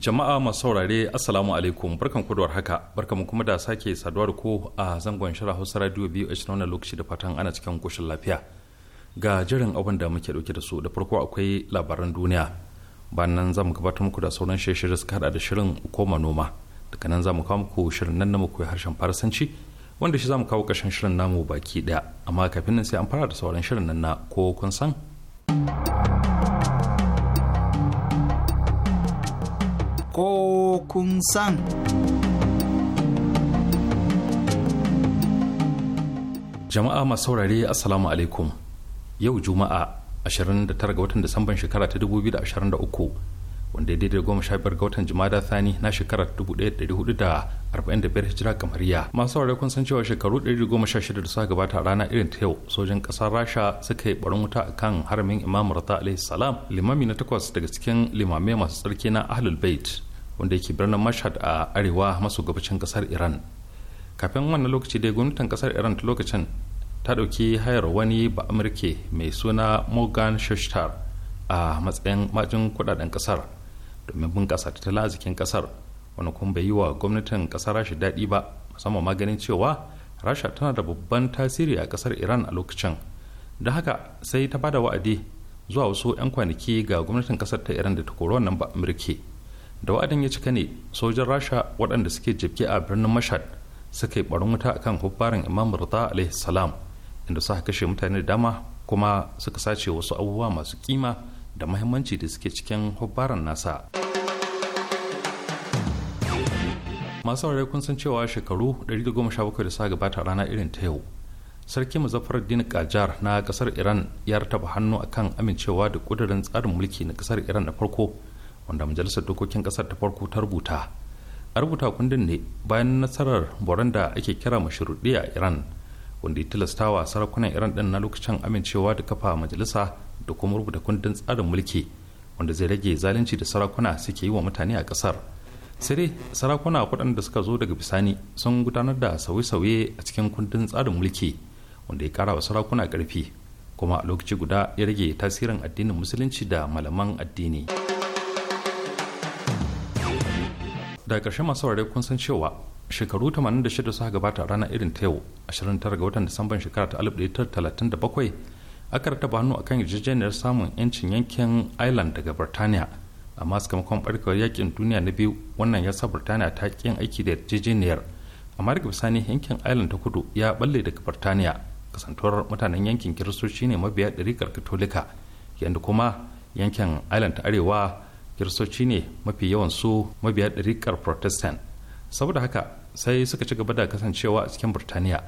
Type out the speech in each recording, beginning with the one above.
jama'a masu saurare assalamu alaikum barkan kudowar haka barkan mu kuma da sake saduwa da ku a zangon shirin hausa radio biyu a shirin lokaci da fatan ana cikin koshin lafiya ga jirin abin da muke dauke da su da farko akwai labaran duniya bayan nan za mu gabatar muku da sauran shirye-shirye suka hada da shirin koma noma daga nan za mu kawo muku shirin nan na mu harshen farasanci wanda shi za mu kawo ƙarshen shirin namu baki daya amma kafin nan sai an fara da sauran shirin nan na ko kun san ko kun san. Jama'a masu saurare Assalamu alaikum yau Juma'a 29 ga watan Disamban shekara ta 2023 wanda ya daidai goma sha biyar ga watan Jumada Thani na shekara 1445 hijira kamariya. Masu saurare kun san cewa shekaru 116 da suka gabata a rana irin ta yau sojan ƙasar Rasha suka yi barin wuta a kan haramin Imam Rata alaihi salam limami na takwas daga cikin limamai masu tsarki na Ahlul Bait. wanda yake birnin mashhad a arewa maso gabacin kasar iran kafin wannan lokaci dai gwamnatin kasar iran ta lokacin ta ɗauki hayar wani ba amurke mai suna morgan shashtar a matsayin majin kudaden kasar domin bunƙasa tattalin arzikin kasar wani kuma bai yi wa gwamnatin kasar rasha daɗi ba musamman maganin cewa rasha tana da babban tasiri a kasar iran a lokacin da haka sai ta bada wa'adi zuwa wasu 'yan kwanaki ga gwamnatin kasar ta iran da ta kori wannan ba amurke da wa'adin ya cika ne sojan rasha waɗanda suke jibge a birnin mashad suka yi barin wuta kan hubbarin imam rida alaihi salam inda suka kashe mutane da dama kuma suka sace wasu abubuwa masu kima da mahimmanci da suke cikin hubbaran nasa masu saurare kun san cewa shekaru 117 da suka gabata rana irin ta yau sarki din kajar na kasar iran ya rataba hannu akan amincewa da kudurin tsarin mulki na kasar iran na farko wanda majalisar dokokin kasar ta farko ta rubuta a rubuta kundin ne bayan nasarar boron da ake kira mashuruɗi a iran wanda ya tilastawa sarakunan iran din na lokacin amincewa da kafa majalisa da kuma rubuta kundin tsarin mulki wanda zai rage zalunci da sarakuna suke yi wa mutane a kasar sai dai sarakuna waɗanda suka zo daga bisani sun gudanar da sauye-sauye a cikin kundin tsarin mulki wanda ya kara wa sarakuna ƙarfi kuma a lokaci guda ya rage tasirin addinin musulunci da malaman addini. da ƙarshe masu saurare kun san cewa shekaru 86 suka gabata rana irin ta yau 29 ga watan disamban shekara ta 1937 aka rataba hannu a akan yarjejeniyar samun yancin yankin ireland daga birtaniya amma sakamakon barkawar yakin duniya na biyu wannan ya sa birtaniya ta ƙin aiki da yarjejeniyar amma daga bisani yankin ireland ta kudu ya balle daga birtaniya kasantuwar mutanen yankin kiristoci ne mabiya ɗarikar katolika yadda kuma yankin ireland ta arewa kiristoci ne mafi yawan su mabiya ɗarikar protestant saboda haka sai suka ci gaba da kasancewa a cikin burtaniya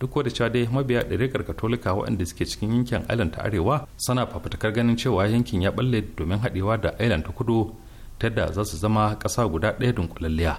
duk da cewa dai mabiya ɗarikar katolika waɗanda suke cikin yankin island ta arewa suna fafutukar ganin cewa yankin ya balle domin haɗewa da island ta kudu ta yadda za su zama ƙasa guda ɗaya dunkulalliya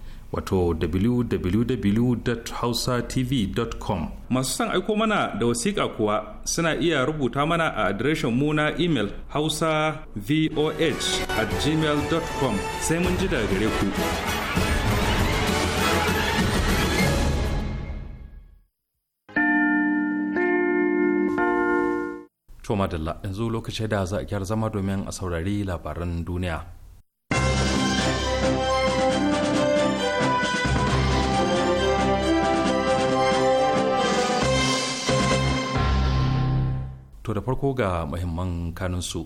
wato www.hausatv.com masu son aiko mana da wasiƙa kuwa suna iya rubuta mana a adireshin mu na imel hausa voh at gmail.com sai mun ji daga gare ku Toma yanzu lokaci da za a kyar zama domin a saurari labaran duniya. To da farko ga muhimman kanunsu.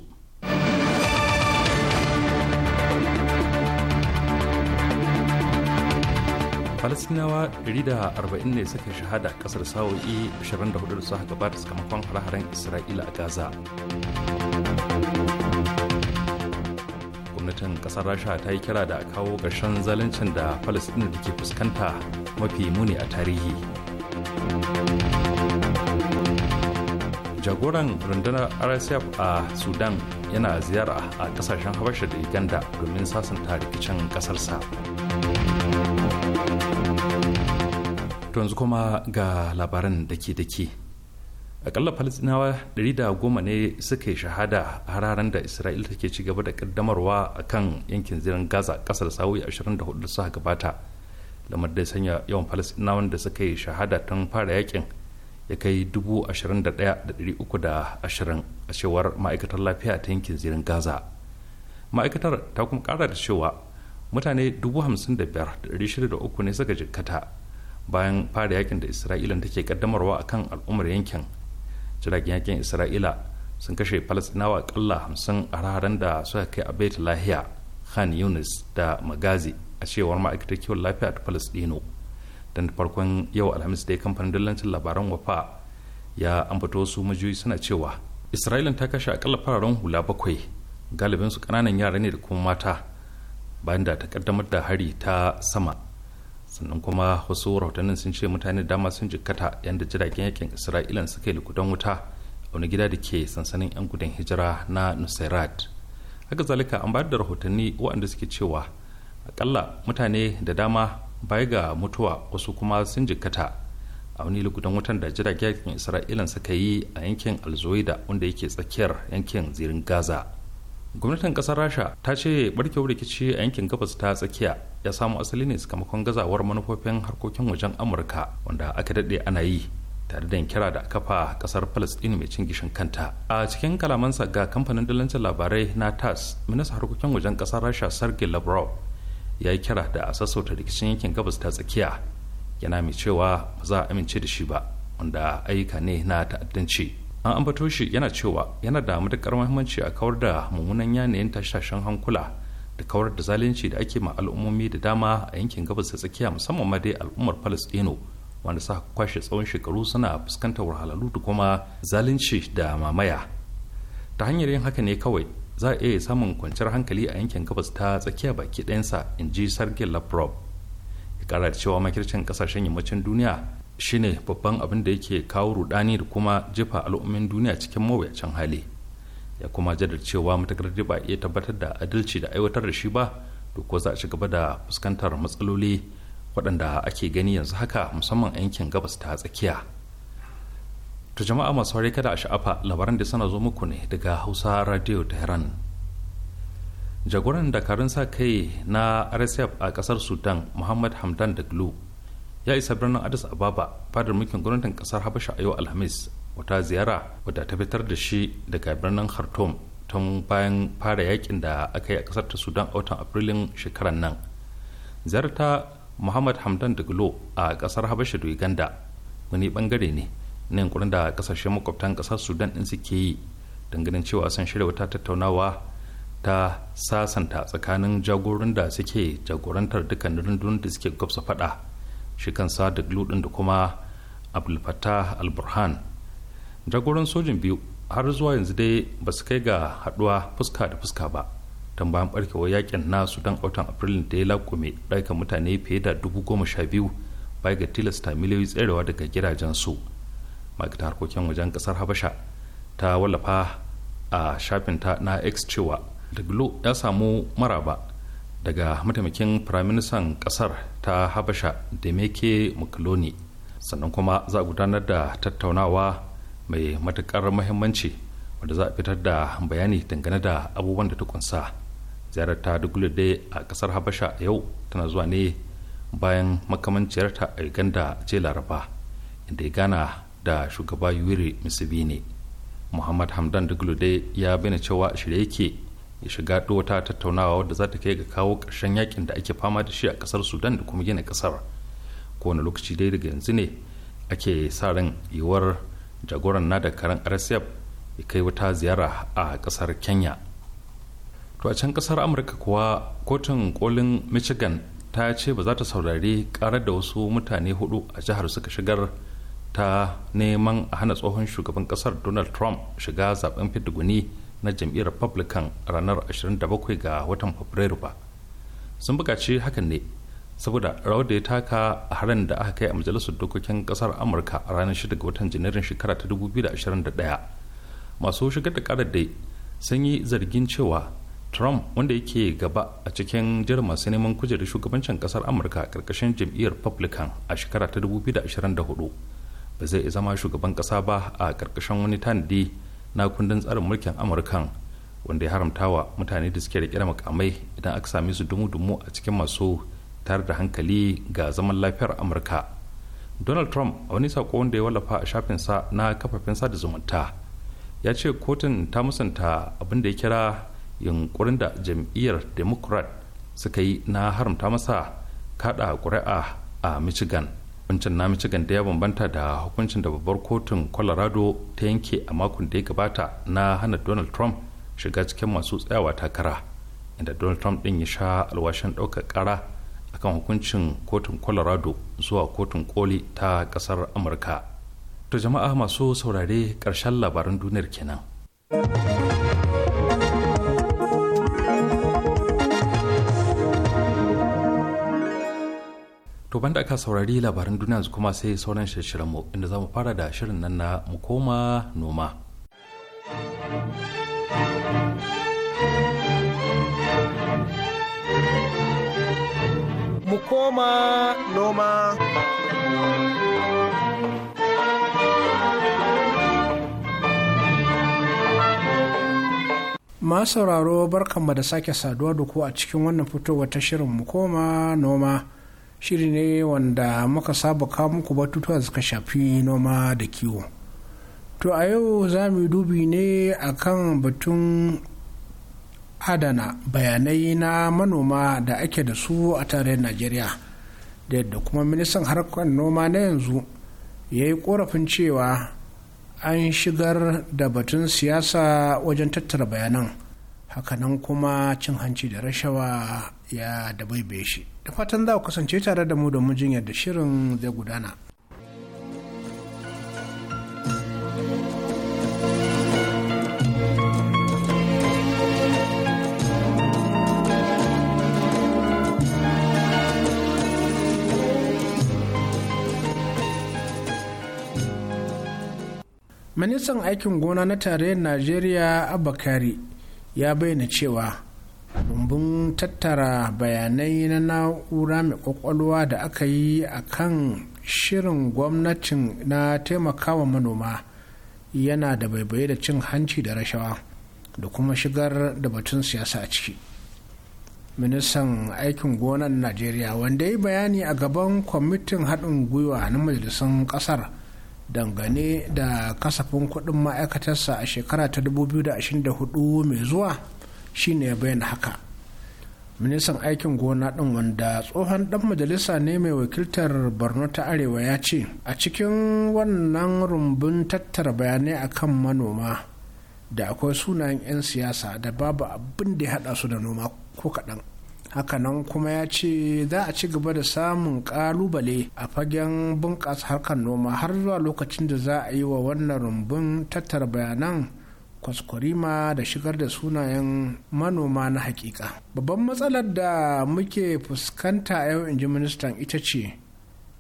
Falasinawa 140 ne suka shahada kasar sa'o'i 24 da suka gabata sakamakon hare-haren Isra'ila a Gaza. Gwamnatin kasar Rasha ta yi kira da kawo ƙarshen zaluncin da Falasina da ke fuskanta mafi muni a tarihi. jagoran rundunar rsf a sudan yana ziyara a kasashen habasha da uganda domin sasanta rikicin kasarsa yanzu kuma ga labaran dake-dake akalla falistinawa goma ne suka yi shahada a hararen da isra'il take ci gaba da kaddamarwa a kan yankin zirin gaza kasar sa'o'i 24 da suka gabata lamar da sanya yawan falistinawan da suka yi shahada tun fara yakin ya kai 21,320 a cewar ma'aikatar lafiya ta yankin zirin gaza ma'aikatar ta kuma kara da cewa mutane 55,603 ne suka jikkata bayan fara yakin da isra'ila take kaddamarwa a kan al'ummar yankin jiragen yakin isra'ila sun kashe falasinawa akalla 50 a raharen da suka kai a bait lahiya khan yunis da magazi a cewar ma'aikatar kiwon lafiya ta falasdino dan farkon yau alhamis ya kamfanin dillancin labaran wafa ya ambato su majiyoyi suna cewa isra'ila ta kashe akalla fararen hula bakwai galibin su kananan yara ne da kuma mata bayan da ta kaddamar da hari ta sama sannan kuma wasu rahotannin sun ce mutane dama sun jikkata yadda jiragen yakin israila suka yi likudan wuta a wani gida da ke sansanin 'yan gudun hijira na nusairat haka zalika an bayar da rahotanni waɗanda suke cewa akalla mutane da dama bai ga mutuwa wasu kuma sun jikkata a wani lokutan wutan da jiragen isra'ila suka yi a yankin alzoida wanda yake tsakiyar yankin zirin gaza gwamnatin kasar rasha ta ce barkewar rikici a yankin gabas ta tsakiya ya samu asali ne sakamakon gazawar manufofin harkokin wajen amurka wanda aka daɗe ana yi tare da kira da kafa kasar palestine mai cin gishin kanta a cikin kalamansa ga kamfanin dalancin labarai na tas minista harkokin wajen kasar rasha sergei lavrov ya yi kira da a sassauta rikicin yankin gabas ta tsakiya yana mai cewa ba za a amince da shi ba wanda ayyuka ne na ta'addanci an ambato shi yana cewa yana da matuƙar muhimmanci a kawar da mummunan yanayin tashashen hankula da kawar da zalunci da ake ma al'ummomi da dama a yankin gabas ta tsakiya musamman ma dai al'ummar palestino wanda sa kwashe tsawon shekaru suna fuskantar wahalhalu da kuma zalunci da mamaya ta hanyar yin haka ne kawai za a iya samun kwanciyar hankali a yankin gabas ta tsakiya baki ɗayansa in ji sargin labrob ya kara da cewa makircin kasashen yammacin duniya shine babban abin da yake kawo rudani da kuma jefa al'ummin duniya cikin mawuyacin hali ya kuma jadar cewa matakar ba iya tabbatar da adalci da aiwatar da shi ba to ko za a ci gaba da fuskantar matsaloli waɗanda ake gani yanzu haka musamman yankin gabas ta tsakiya. To jama'a masu saurari kada a sha'afa labaran da suna zo muku ne daga Hausa Radio Tehran. Jagoran dakarun sa kai na RSF a kasar Sudan Muhammad Hamdan Daglo ya isa birnin Addis Ababa fadar mulkin gwamnatin kasar Habasha a yau Alhamis wata ziyara wadda ta fitar da shi daga birnin Khartoum tun bayan fara yakin da aka yi a kasar ta Sudan a watan Afrilun shekaran nan. Ziyarta Muhammad Hamdan Daglo a kasar Habasha da Uganda wani bangare ne na yankunan da kasashen makwabtan kasar sudan din suke yi dangane cewa sun shirya wata tattaunawa ta sasanta tsakanin jagorin da suke jagorantar dukkan rundunar da suke gwabsa fada shi sa da gludin da kuma abulfata alburhan jagoran sojin biyu har zuwa yanzu dai ba su kai ga haduwa fuska da fuska ba don bayan barkewar yakin na sudan watan afrilun da ya lakume ɗaukan mutane fiye da dubu goma sha biyu bai ga tilasta miliyoyi tserewa daga gidajen su maaikatan harkokin wajen kasar habasha ta wallafa a shafin ta na x cewa daglo ya samu maraba daga mataimakin firaministan kasar ta habasha da meke mukuloni sannan kuma za a gudanar da tattaunawa mai matukar mahimmanci wanda za a fitar da bayani dangane da abubuwan da ta kunsa ziyarar ta dugulu dai a kasar habasha yau tana zuwa ne bayan makamanciyarta a uganda ce laraba inda ya gana da shugaba yuri museveni muhammad hamdan dai ya bayyana cewa a shirye yake ya shiga wata tattaunawa wadda za ta kai ga kawo ƙarshen yakin da ake fama da shi a ƙasar sudan da kuma gina ƙasar kowane lokaci dai daga yanzu ne ake sa ran yiwuwar jagoran na da karan rsf ya kai wata ziyara a ƙasar kenya to a can ƙasar amurka kuwa kotun kolin michigan ta ce ba za ta saurari karar da wasu mutane hudu a jihar suka shigar ta neman a hana tsohon shugaban kasar donald trump shiga zaben fitiguni na jam'iyyar republican ranar 27 ga watan fabrairu ba sun bukaci hakan ne saboda rawar da ya taka a harin da aka kai a majalisar dokokin kasar amurka a ranar 6 ga watan janairun shekara ta 2021 masu shigar da karar dai sun yi zargin cewa trump wanda yake gaba a cikin jirin masu neman kujerar shugabancin kasar amurka karkashin jam'iyyar republican a shekara ta 2024 ba zai zama shugaban kasa ba a karkashin wani tanadi na kundin tsarin mulkin amurkan wanda ya haramta wa mutane da suke rikira makamai idan aka sami su dumu-dumu a cikin masu tare da hankali ga zaman lafiyar amurka donald trump a wani sako wanda ya wallafa a shafinsa na kafafen sada zumunta ya ce kotun ta musanta abin da ya kira yunkurin da jam'iyyar democrat suka yi na haramta masa kada ƙuri'a a michigan hukuncin na michigan da ya bambanta da hukuncin da babbar kotun colorado ta yanke a makon da ya gabata na hana donald trump shiga cikin masu tsayawa takara inda donald trump din ya sha alwashin ɗaukar ƙara akan hukuncin kotun colorado zuwa kotun koli ta kasar amurka to jama'a masu saurare karshen labaran duniyar kenan. to banda aka saurari labaran duniya su kuma sai sauran shirin mu inda za mu fara da shirin nan na mu koma noma mu koma noma masu sauraro barkanmu da sake saduwa da ku a cikin wannan fitowar ta shirin mu koma noma shiri ne wanda muka saba kawo muku batutuwa suka shafi noma da kiwo to a yau za mu dubi ne a kan batun adana bayanai na manoma da ake da su a tarayyar najeriya da yadda kuma ministan harkar noma na yanzu ya yi korafin cewa an shigar da batun siyasa wajen tattara bayanan hakanan kuma cin hanci da rashawa ya dabaibaye shi da fatan za ku kasance tare da mu domin jin da shirin zai gudana ministan aikin gona na tarayyar najeriya abakari ya bayyana cewa rumbun tattara bayanai na na'ura mai kwakwalwa da aka yi a kan shirin gwamnatin na taimakawa manoma yana da baibaye da cin hanci da rashawa da kuma shigar da batun siyasa a ciki ministan aikin gonan najeriya wanda ya yi bayani a gaban kwamitin haɗin gwiwa na majalisun ƙasar dangane da kasafin kuɗin ma'aikatarsa a shekara ta 2024 mai zuwa shine ya bayyana haka ministan aikin gona ɗin wanda tsohon ɗan majalisa ne mai wakiltar borno ta arewa ya ce a cikin wannan rumbun tattara bayanai akan manoma da akwai sunayen 'yan siyasa da babu abin da ya haɗa su da noma ko kaɗan hakanan kuma ya ce za a ci gaba da samun kalubale a fagen bunƙasa harkar noma har zuwa lokacin da za a yi wa wannan rumbun tattara bayanan kwaskwarima da shigar da sunayen manoma na hakika babban matsalar da muke fuskanta yau in ji ministan ita ce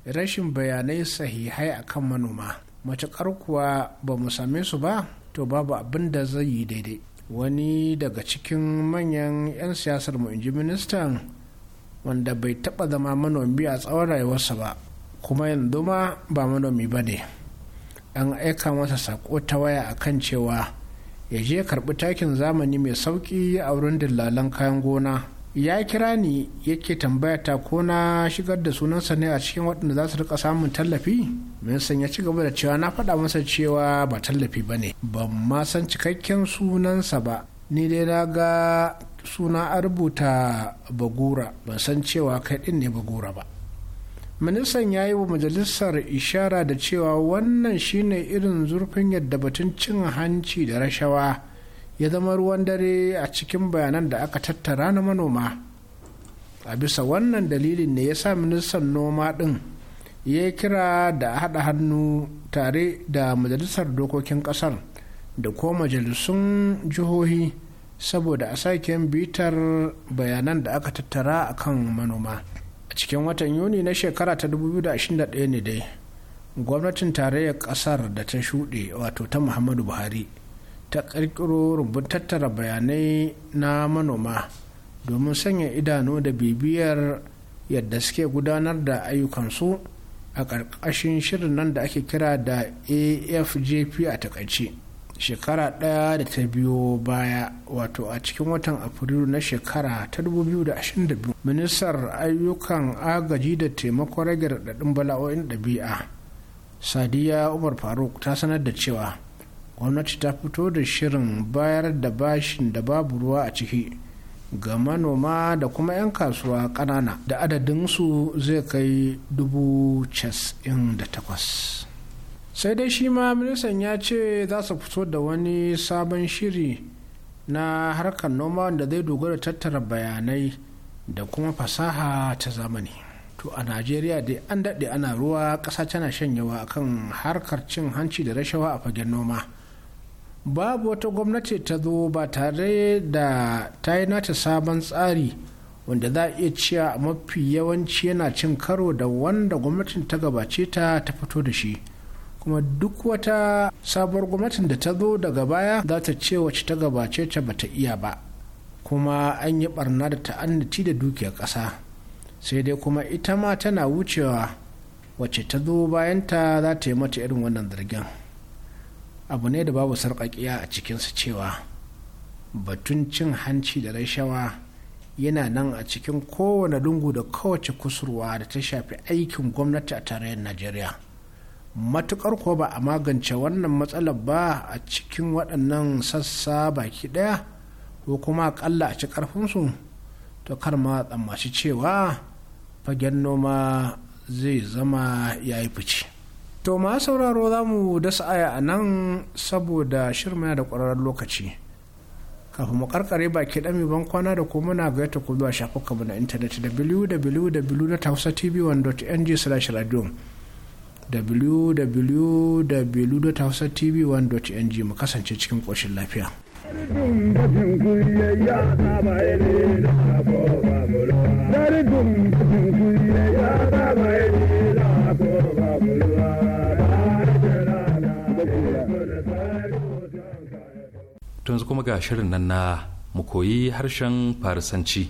rashin bayanai sahihai akan manoma matuƙar kuwa ba mu same su ba to babu abin da zai yi daidai wani daga cikin manyan 'yan siyasar mu inji ministan wanda bai taba zama manomi a tsawon rayuwarsa ba kuma yanzu ma ba manomi ba ne an aika masa sako ta waya a kan cewa ya je karbi takin zamani mai sauki a wurin dillalan kayan gona ya kira ni yake tambaya ta ko na shigar da sunansa ne a cikin waɗanda za su rika samun tallafi ministan ya ci gaba da cewa na faɗa masa cewa ba tallafi ba ne ban ma san cikakken sunansa ba ni dai na ga suna a rubuta bagura ban san cewa kai ɗin ne bagura ba ministan ya yi wa majalisar ishara da cewa wannan shine irin zurfin yadda batun cin hanci da rashawa ya zama ruwan dare a cikin bayanan da aka tattara na manoma a bisa wannan dalilin ne ya sa ministan noma ɗin ya kira da haɗa hannu tare da majalisar dokokin ƙasar da ko majalisun jihohi saboda a sake bitar bayanan da aka tattara a kan manoma a cikin watan yuni na shekara ta 2021 ne dai gwamnatin tarayyar ƙasar da ta shuɗe wato ta muhammadu buhari ta ƙirƙiro rumbun tattara bayanai na manoma domin sanya idanu da bibiyar yadda suke gudanar da ayyukansu a ƙarƙashin shirin nan da ake kira da afjp a takaice shekara ɗaya da ta biyo baya wato a cikin watan afrilu na shekara ta 2022 ministar ayyukan agaji da taimakon rage raɗaɗin bala'o'in ɗabi'a sadiya umar faruk ta sanar da cewa gwamnati ta fito da shirin bayar da bashin da babu ruwa a ciki ga manoma da kuma 'yan kasuwa kanana da adadinsu zai kai dubu da takwas sai dai shi ma ministan ya ce za su fito da wani sabon shiri na harkar noma da zai dogara tattara bayanai da kuma fasaha ta zamani to a najeriya dai an daɗe ana ruwa ƙasa tana shanyewa akan harkar cin hanci da rashawa a fagen noma babu wata gwamnati ta zo ba tare da ta yi nata sabon tsari wanda za a iya cewa mafi yawanci yana cin karo da wanda gwamnatin ta gabace ta ta fito da shi kuma duk wata sabuwar gwamnatin da ta zo daga baya za ta ce wace ta gabace ta bata iya ba kuma an yi barna da ta'annaci da dukiyar ƙasa sai dai kuma ita ma tana wucewa wace ta zo bayanta za ta yi mata irin wannan zargin. abu ne da babu sarƙaƙiya a cikinsu cewa batun cin hanci da rashawa yana nan a cikin kowane lungu da kowace kusurwa da ta shafi aikin gwamnati a tarayyar najeriya matukar ko ba a magance wannan matsalar ba a cikin waɗannan sassa baki ɗaya ko kuma aƙalla a ci ƙarfinsu to kar ma tsammaci cewa fagen noma zai zama ya yi fice. to ma sauraro za mu dasa aya a nan saboda shirma da ƙwararren lokaci kafin mu karkare baki dami ban kwana da kuma muna ga ta kuma shafuka mu na intanet www.hausatv1.ng/radio www.hausatv1.ng mu kasance cikin koshin lafiya Dari dum dum kuye ya baba yanzu kuma ga shirin nan na mu koyi harshen farisanci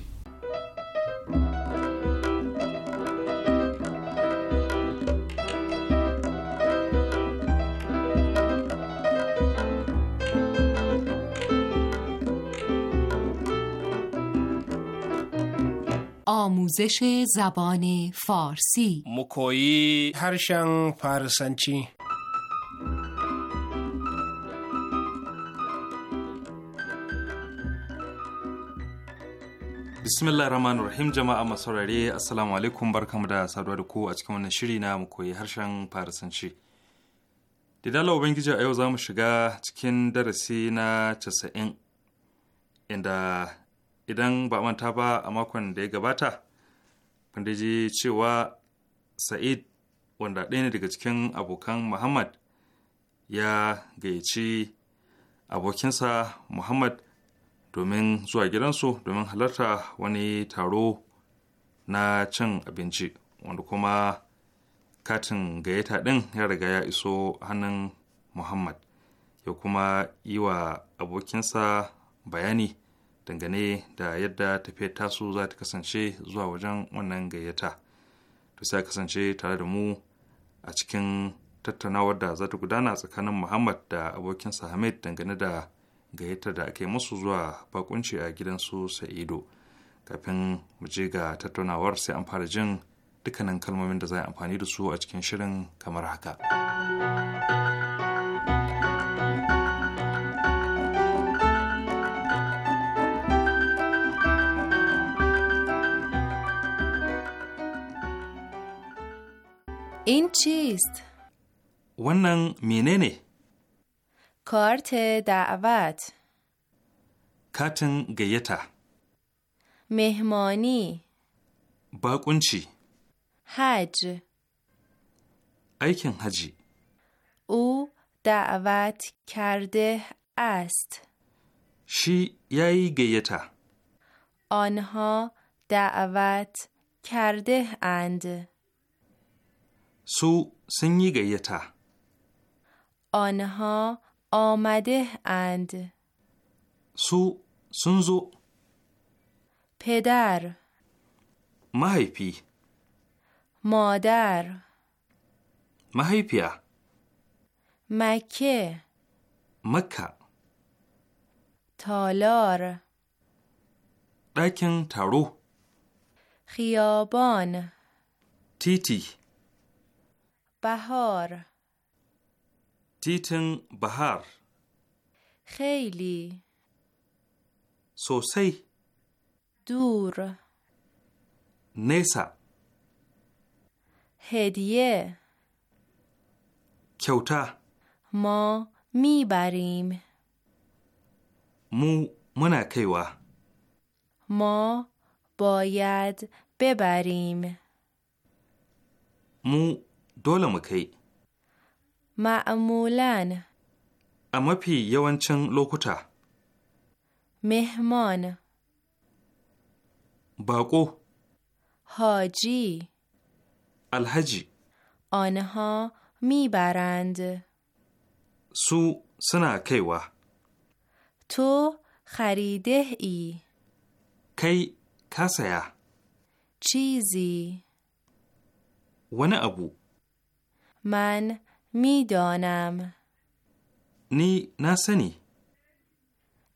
آموزش زبان فارسی مکویی هرشن فارسنچی bismillah rahman rahim jama'a masu saurare assalamu alaikum barkamu da saduwa da ku a cikin wannan shiri na mu koyi harshen farisanci da dala ubangiji a yau za mu shiga cikin darasi na casa'in inda idan ba manta ba a makon da ya gabata wanda ji cewa sa'id wanda ɗaya ne daga cikin abokan muhammad ya gayyaci abokinsa muhammad domin zuwa gidansu domin halarta wani taro na cin abinci wanda kuma katin gayyata ɗin ya riga ya iso hannun muhammad ya kuma yi wa abokinsa bayani dangane da yadda tafiyar tasu za ta kasance zuwa wajen wannan gayyata to sai kasance tare da mu a cikin tattaunawar da za ta gudana tsakanin muhammad da abokinsa hamid dangane da gayyatar da ake musu zuwa bakunci a gidansu sa'ido kafin mu je ga tattaunawar sai an fara jin dukkanin kalmomin da za a amfani da su a cikin shirin kamar haka. این چیست؟ ونن میننه کارت دعوت کاتن گیتا مهمانی باقونچی حج ایکن حجی او دعوت کرده است شی یای گیتا آنها دعوت کرده اند سو سنگی گیتا آنها آمده اند سو سنزو پدر مهیپی مادر مهیپیا مکه مکه تالار دکن تارو خیابان تیتی بهار تیتن بهار خیلی سوسی دور نیسا هدیه کیوتا ما میبریم مو منا کیوا ما باید ببریم مو dole mu kai. Ma'amulan. A mafi yawancin lokuta. mehmon Bako. Haji. Alhaji. Onha mi barand. Su suna kaiwa. To خریده ای کی کسیا چیزی Wani abu. من میدانم نی نسنی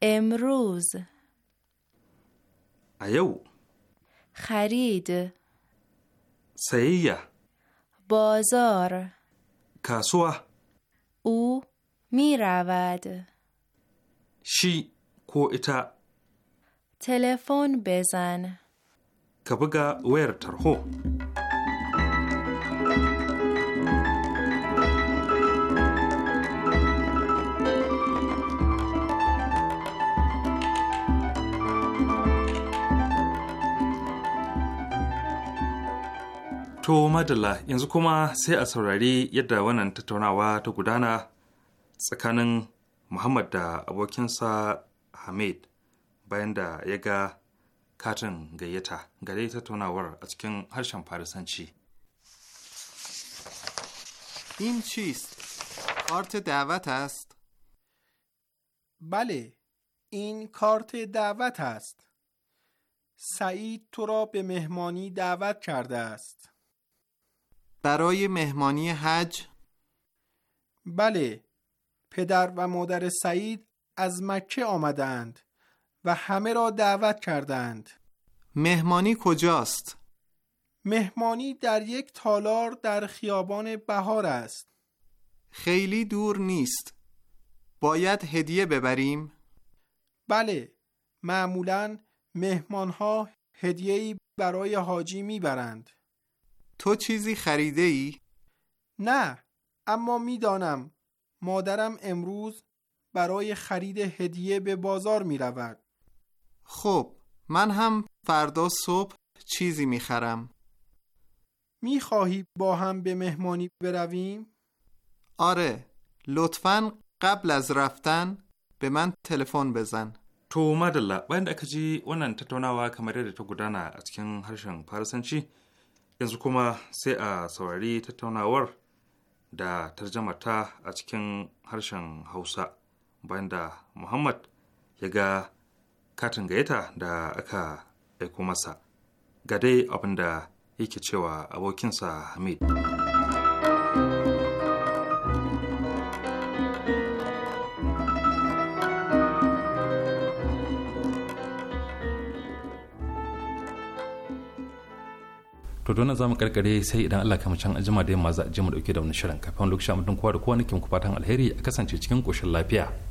امروز ایو خرید سیه بازار کاسوا او می شی کو اتا تلفن بزن کبگا ویر ترهو To madalla yanzu kuma sai a saurari yadda wannan tattaunawa ta gudana tsakanin Muhammad da abokinsa Hamid bayan da ya ga katin gayyata ga dai tattaunawar a cikin harshen Farisanci. in cheese, kart دعوت است؟ bale in kart دعوت است. سعید تو را به مهمانی دعوت کرده است. برای مهمانی حج؟ بله پدر و مادر سعید از مکه آمدند و همه را دعوت کردند مهمانی کجاست؟ مهمانی در یک تالار در خیابان بهار است خیلی دور نیست باید هدیه ببریم؟ بله معمولا مهمانها هدیه‌ای برای حاجی میبرند تو چیزی خریده ای؟ نه اما میدانم مادرم امروز برای خرید هدیه به بازار می رود. خب من هم فردا صبح چیزی می خرم. می خواهی با هم به مهمانی برویم؟ آره لطفا قبل از رفتن به من تلفن بزن. تو مدلا باید اکجی اونن تتوناوا کمره تو گدانا از کن هرشن پرسنچی؟ yanzu kuma sai a saurari tattaunawar da tarjamata a cikin harshen hausa bayan da muhammad ya ga katin gayyata da aka aiko masa ga dai abin da yake cewa abokinsa hamid to don za mu karkare sai idan Allah kama can ajima da yamma za a je mu dauke da wani shirin kafin lokacin abin kowa da kowa nake muku fatan alheri a kasance cikin koshin lafiya